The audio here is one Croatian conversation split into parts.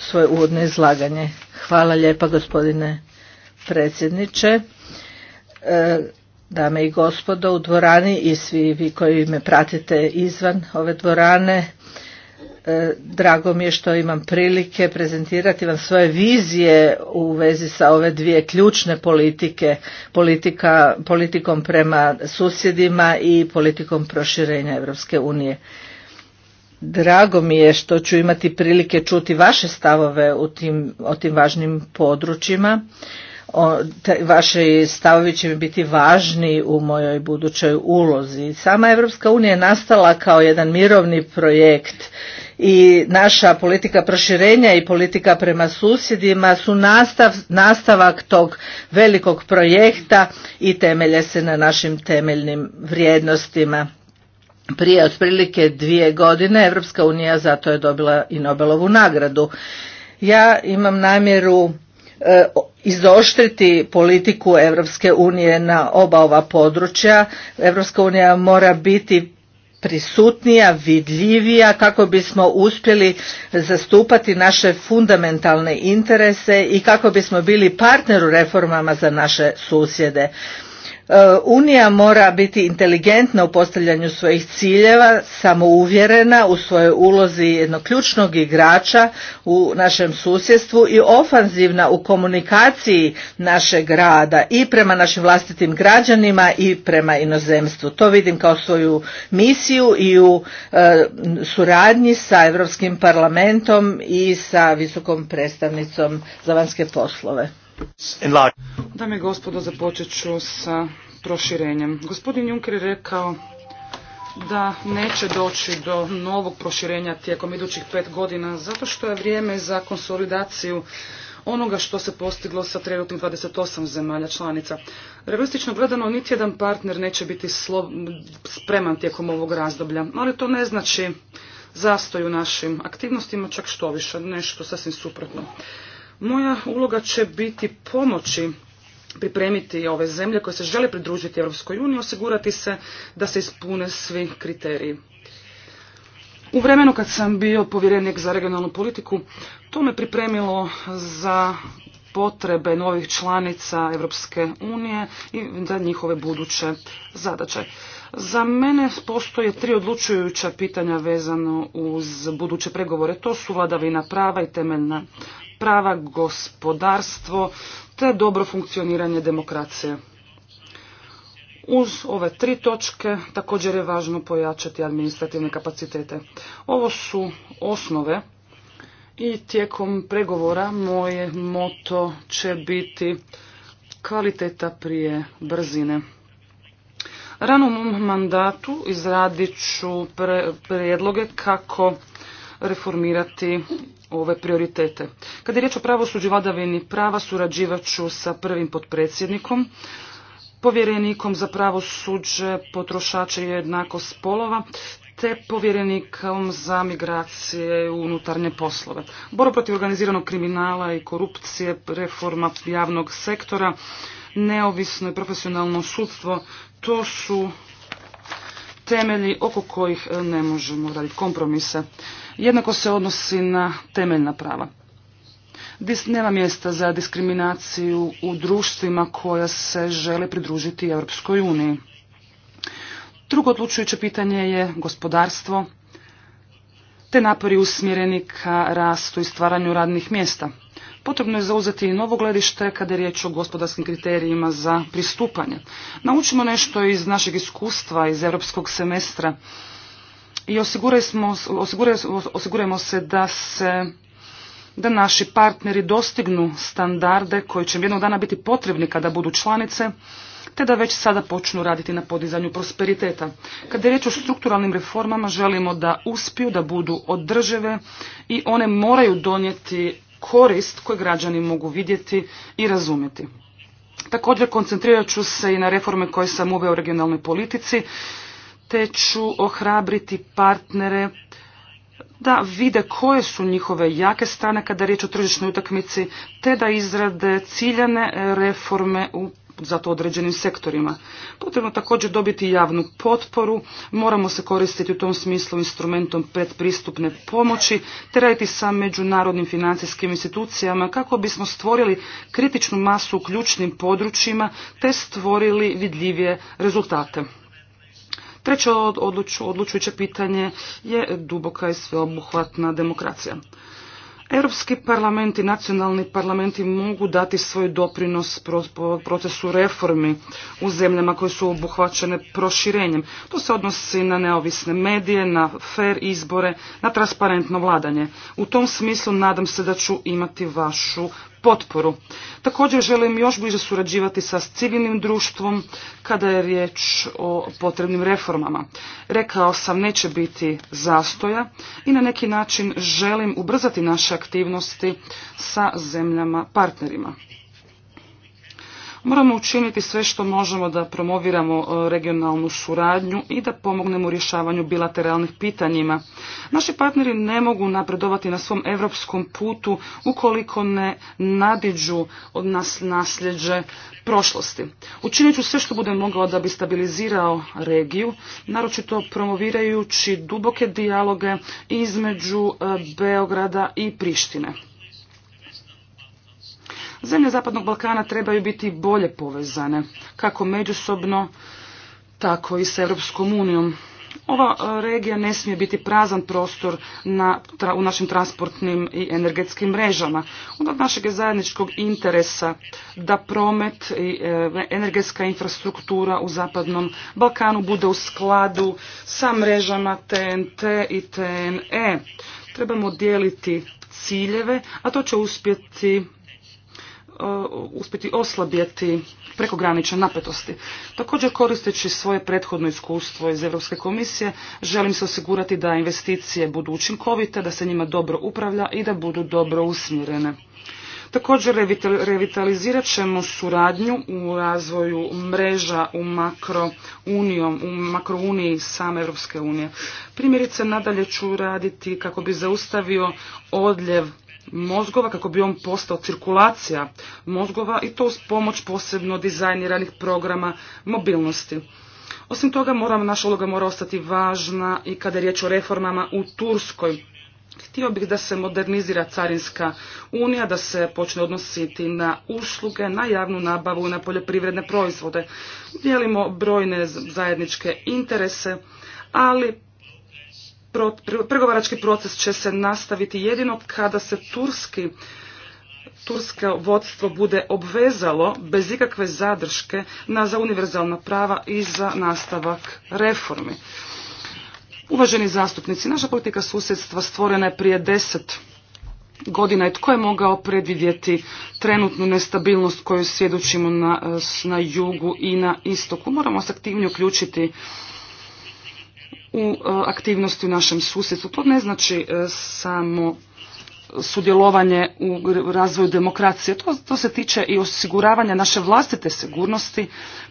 svoje uvodno izlaganje. Hvala lijepa gospodine predsjedniče. E, dame i gospodo u dvorani i svi vi koji me pratite izvan ove dvorane, e, drago mi je što imam prilike prezentirati vam svoje vizije u vezi sa ove dvije ključne politike, politika, politikom prema susjedima i politikom proširenja Europske unije. Drago mi je što ću imati prilike čuti vaše stavove u tim, o tim važnim područjima. O, vaše stavovi će mi biti važni u mojoj budućoj ulozi. Sama Evropska unija je nastala kao jedan mirovni projekt i naša politika proširenja i politika prema susjedima su nastavak tog velikog projekta i temelje se na našim temeljnim vrijednostima prije otprilike dvije godine Europska unija zato je dobila i Nobelovu nagradu. Ja imam namjeru e, izoštriti politiku Europske unije na oba ova područja. Europska unija mora biti prisutnija, vidljivija kako bismo uspjeli zastupati naše fundamentalne interese i kako bismo bili partner u reformama za naše susjede. E, Unija mora biti inteligentna u postavljanju svojih ciljeva, samouvjerena u svojoj ulozi jednog ključnog igrača u našem susjedstvu i ofanzivna u komunikaciji našeg rada i prema našim vlastitim građanima i prema inozemstvu. To vidim kao svoju misiju i u e, suradnji sa Europskim parlamentom i sa visokom predstavnicom za vanjske poslove. Dame i gospodo, započet ću sa proširenjem. Gospodin Juncker je rekao da neće doći do novog proširenja tijekom idućih pet godina, zato što je vrijeme za konsolidaciju onoga što se postiglo sa trenutnim 28 zemalja članica. Realistično gledano, niti jedan partner neće biti spreman tijekom ovog razdoblja, ali to ne znači zastoj u našim aktivnostima, čak što više, nešto sasvim suprotno. Moja uloga će biti pomoći pripremiti ove zemlje koje se žele pridružiti Europskoj uniji, osigurati se da se ispune svi kriteriji. U vremenu kad sam bio povjerenik za regionalnu politiku, to me pripremilo za potrebe novih članica Europske unije i za njihove buduće zadaće. Za mene postoje tri odlučujuća pitanja vezano uz buduće pregovore. To su vladavina prava i temeljna prava, gospodarstvo te dobro funkcioniranje demokracije. Uz ove tri točke također je važno pojačati administrativne kapacitete. Ovo su osnove i tijekom pregovora moje moto će biti kvaliteta prije brzine ranom mandatu izradit ću prijedloge kako reformirati ove prioritete. Kada je riječ o pravosuđu vladavini prava, surađivat sa prvim potpredsjednikom, povjerenikom za pravosuđe, potrošače i jednakost spolova, te povjerenikom za migracije i unutarnje poslove. Boro protiv organiziranog kriminala i korupcije, reforma javnog sektora, neovisno i profesionalno sudstvo to su temelji oko kojih e, ne možemo raditi kompromise. Jednako se odnosi na temeljna prava. Nema mjesta za diskriminaciju u društvima koja se žele pridružiti Europskoj uniji. Drugo odlučujuće pitanje je gospodarstvo, te napori usmjereni ka rastu i stvaranju radnih mjesta. Potrebno je zauzeti i novo gledište kada je riječ o gospodarskim kriterijima za pristupanje. Naučimo nešto iz našeg iskustva, iz europskog semestra i osigurajmo, se da se da naši partneri dostignu standarde koji će jednog dana biti potrebni kada budu članice, te da već sada počnu raditi na podizanju prosperiteta. Kada je riječ o strukturalnim reformama, želimo da uspiju, da budu održive i one moraju donijeti korist koju građani mogu vidjeti i razumjeti. Također koncentrirat ću se i na reforme koje sam uveo u regionalnoj politici, te ću ohrabriti partnere da vide koje su njihove jake strane kada je riječ o tržišnoj utakmici, te da izrade ciljane reforme u za to određenim sektorima. Potrebno također dobiti javnu potporu, moramo se koristiti u tom smislu instrumentom predpristupne pomoći, te raditi sa međunarodnim financijskim institucijama kako bismo stvorili kritičnu masu u ključnim područjima te stvorili vidljivije rezultate. Treće odlučujuće pitanje je duboka i sveobuhvatna demokracija. Europski parlament i nacionalni parlamenti mogu dati svoj doprinos procesu reformi u zemljama koje su obuhvaćene proširenjem. To se odnosi na neovisne medije, na fair izbore, na transparentno vladanje. U tom smislu nadam se da ću imati vašu potporu. Također želim još bliže surađivati sa civilnim društvom kada je riječ o potrebnim reformama. Rekao sam neće biti zastoja i na neki način želim ubrzati naše aktivnosti sa zemljama partnerima. Moramo učiniti sve što možemo da promoviramo e, regionalnu suradnju i da pomognemo u rješavanju bilateralnih pitanjima. Naši partneri ne mogu napredovati na svom europskom putu ukoliko ne nadiđu od nas nasljeđe prošlosti. Učinit ću sve što bude mogao da bi stabilizirao regiju, naročito promovirajući duboke dijaloge između e, Beograda i Prištine. Zemlje Zapadnog Balkana trebaju biti bolje povezane, kako međusobno, tako i s Europskom unijom. Ova e, regija ne smije biti prazan prostor na, u našim transportnim i energetskim mrežama. Onda od našeg zajedničkog interesa da promet i e, energetska infrastruktura u Zapadnom Balkanu bude u skladu sa mrežama TNT i TNE. Trebamo dijeliti ciljeve, a to će uspjeti E, uspjeti oslabjeti prekogranične napetosti. Također koristeći svoje prethodno iskustvo iz Europske komisije želim se osigurati da investicije budu učinkovite, da se njima dobro upravlja i da budu dobro usmjerene. Također revitalizirat ćemo suradnju u razvoju mreža u makro unijom, u makrouniji same Europske unije. Primjerice nadalje ću raditi kako bi zaustavio odljev mozgova kako bi on postao cirkulacija mozgova i to uz pomoć posebno dizajniranih programa mobilnosti. Osim toga, naša uloga mora ostati važna i kada je riječ o reformama u Turskoj. Htio bih da se modernizira carinska unija, da se počne odnositi na usluge, na javnu nabavu i na poljoprivredne proizvode. Dijelimo brojne zajedničke interese, ali pregovarački proces će se nastaviti jedino kada se turski tursko vodstvo bude obvezalo bez ikakve zadrške na za univerzalna prava i za nastavak reformi. Uvaženi zastupnici, naša politika susjedstva stvorena je prije deset godina i tko je mogao predvidjeti trenutnu nestabilnost koju svjedočimo na, na jugu i na istoku. Moramo se aktivnije uključiti u aktivnosti u našem susjedstvu. To ne znači e, samo sudjelovanje u razvoju demokracije. To, to se tiče i osiguravanja naše vlastite sigurnosti,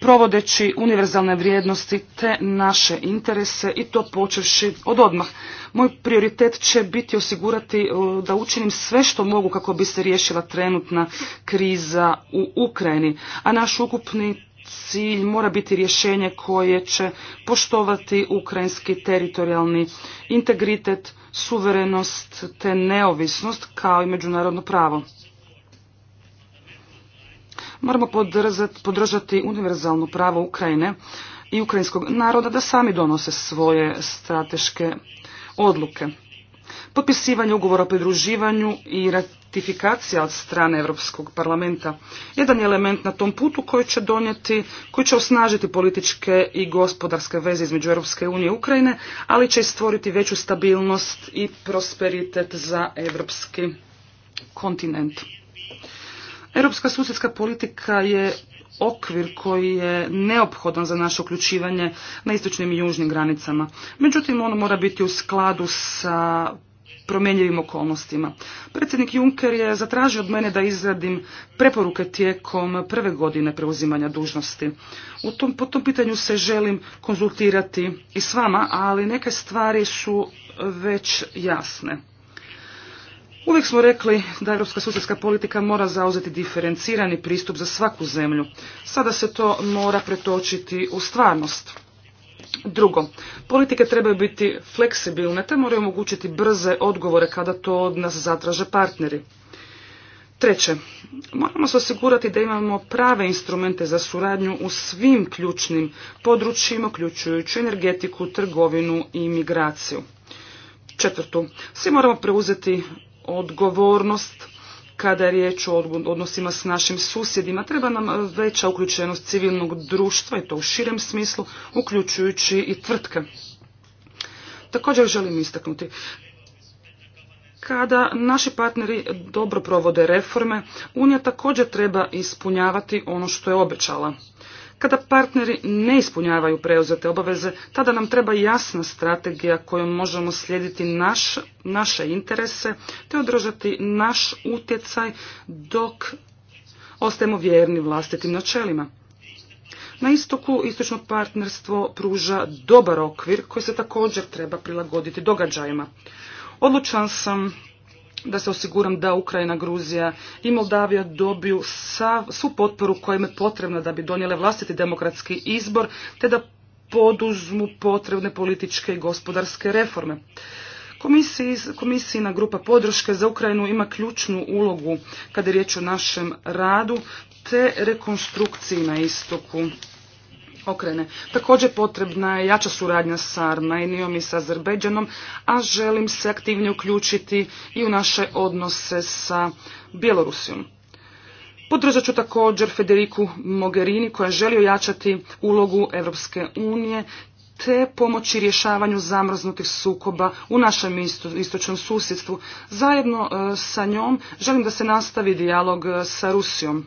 provodeći univerzalne vrijednosti te naše interese i to počevši od odmah. Moj prioritet će biti osigurati e, da učinim sve što mogu kako bi se riješila trenutna kriza u Ukrajini, a naš ukupni cilj mora biti rješenje koje će poštovati ukrajinski teritorijalni integritet, suverenost te neovisnost kao i međunarodno pravo. Moramo podržati univerzalno pravo Ukrajine i ukrajinskog naroda da sami donose svoje strateške odluke. Potpisivanje ugovora o pridruživanju i ratifikacija od strane Europskog parlamenta jedan je element na tom putu koji će donijeti, koji će osnažiti političke i gospodarske veze između Europske unije i Ukrajine, ali će i stvoriti veću stabilnost i prosperitet za europski kontinent. Europska susjedska politika je okvir koji je neophodan za naše uključivanje na istočnim i južnim granicama. Međutim, ono mora biti u skladu sa promjenjivim okolnostima. Predsjednik Juncker je zatražio od mene da izradim preporuke tijekom prve godine preuzimanja dužnosti. U tom, po tom pitanju se želim konzultirati i s vama, ali neke stvari su već jasne. Uvijek smo rekli da europska susjedska politika mora zauzeti diferencirani pristup za svaku zemlju. Sada se to mora pretočiti u stvarnost. Drugo, politike trebaju biti fleksibilne te moraju omogućiti brze odgovore kada to od nas zatraže partneri. Treće, moramo se osigurati da imamo prave instrumente za suradnju u svim ključnim područjima, uključujući energetiku, trgovinu i migraciju. Četvrtu, svi moramo preuzeti odgovornost kada je riječ o odnosima s našim susjedima. Treba nam e, veća uključenost civilnog društva i to u širem smislu, uključujući i tvrtke. Također želim istaknuti kada naši partneri dobro provode reforme, Unija također treba ispunjavati ono što je obećala. Kada partneri ne ispunjavaju preuzete obaveze, tada nam treba jasna strategija kojom možemo slijediti naš, naše interese te održati naš utjecaj dok ostajemo vjerni vlastitim načelima. Na istoku istočno partnerstvo pruža dobar okvir koji se također treba prilagoditi događajima. Odlučan sam da se osiguram da Ukrajina, Gruzija i Moldavija dobiju svu potporu koja im je potrebna da bi donijele vlastiti demokratski izbor, te da poduzmu potrebne političke i gospodarske reforme. komisijina grupa podrške za Ukrajinu ima ključnu ulogu kada je riječ o našem radu te rekonstrukciji na istoku okrene. Također potrebna je jača suradnja sa Armenijom i sa Azerbeđanom, a želim se aktivnije uključiti i u naše odnose sa Bjelorusijom. Podržat ću također Federiku Mogherini koja želi ojačati ulogu Europske unije te pomoći rješavanju zamrznutih sukoba u našem istočnom susjedstvu. Zajedno e, sa njom želim da se nastavi dijalog e, sa Rusijom.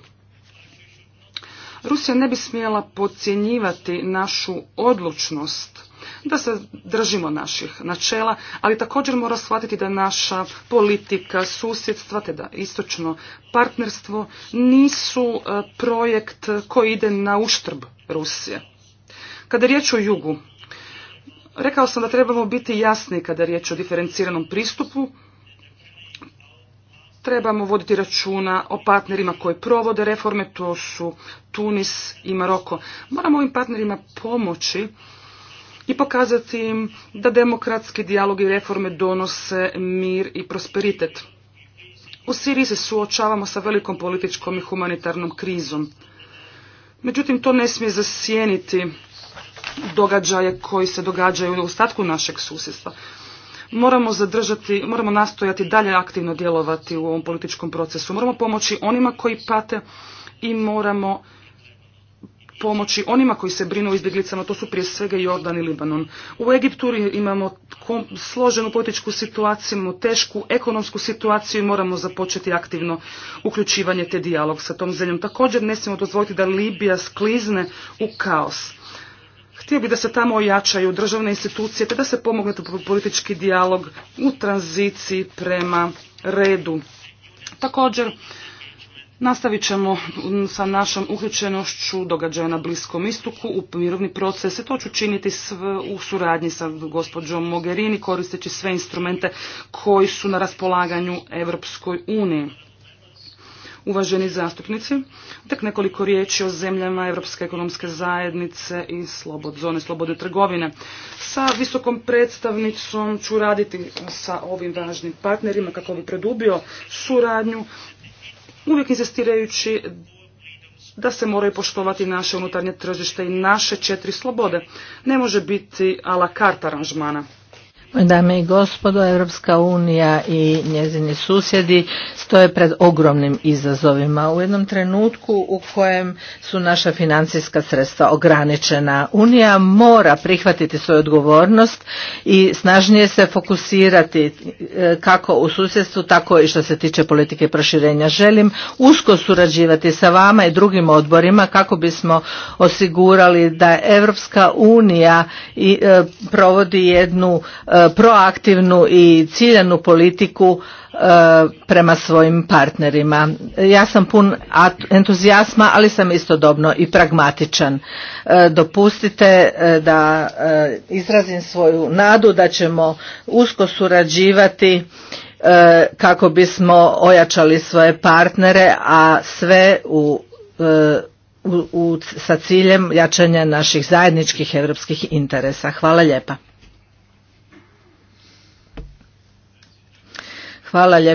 Rusija ne bi smjela podcjenjivati našu odlučnost da se držimo naših načela, ali također mora shvatiti da naša politika susjedstva, te da istočno partnerstvo nisu e, projekt koji ide na uštrb Rusije. Kada je riječ o jugu, rekao sam da trebamo biti jasni kada je riječ o diferenciranom pristupu, Trebamo voditi računa o partnerima koji provode reforme, to su Tunis i Maroko. Moramo ovim partnerima pomoći i pokazati im da demokratski dijalog i reforme donose mir i prosperitet. U Siriji se suočavamo sa velikom političkom i humanitarnom krizom. Međutim, to ne smije zasjeniti događaje koji se događaju u ostatku našeg susjedstva moramo zadržati, moramo nastojati dalje aktivno djelovati u ovom političkom procesu. Moramo pomoći onima koji pate i moramo pomoći onima koji se brinu o izbjeglicama, to su prije svega Jordan i Libanon. U Egiptu imamo složenu političku situaciju, imamo tešku ekonomsku situaciju i moramo započeti aktivno uključivanje te dijalog sa tom zemljom. Također ne smijemo dozvoliti da Libija sklizne u kaos. Htio bi da se tamo ojačaju državne institucije te da se pomogne politički dijalog u tranziciji prema redu. Također, Nastavit ćemo sa našom uključenošću događaja na Bliskom istoku u mirovni proces i to ću činiti u suradnji sa gospođom Mogherini koristeći sve instrumente koji su na raspolaganju Evropskoj uniji uvaženi zastupnici. Tek nekoliko riječi o zemljama Europske ekonomske zajednice i slobod, zone slobodne trgovine. Sa visokom predstavnicom ću raditi sa ovim važnim partnerima kako bi predubio suradnju, uvijek insistirajući da se moraju poštovati naše unutarnje tržište i naše četiri slobode. Ne može biti a la carte aranžmana. Dame i gospodo, Europska unija i njezini susjedi stoje pred ogromnim izazovima. U jednom trenutku u kojem su naša financijska sredstva ograničena, Unija mora prihvatiti svoju odgovornost i snažnije se fokusirati e, kako u susjedstvu, tako i što se tiče politike proširenja. Želim usko surađivati sa vama i drugim odborima kako bismo osigurali da Europska unija e, provodi jednu e, E, proaktivnu i ciljanu politiku e, prema svojim partnerima. Ja sam pun entuzijasma, ali sam istodobno i pragmatičan. E, dopustite da izrazim svoju nadu da ćemo usko surađivati kako bismo ojačali svoje partnere, a sve u, u, sa ciljem jačanja naših zajedničkih europskih interesa. Hvala lijepa. Hvala lijepa.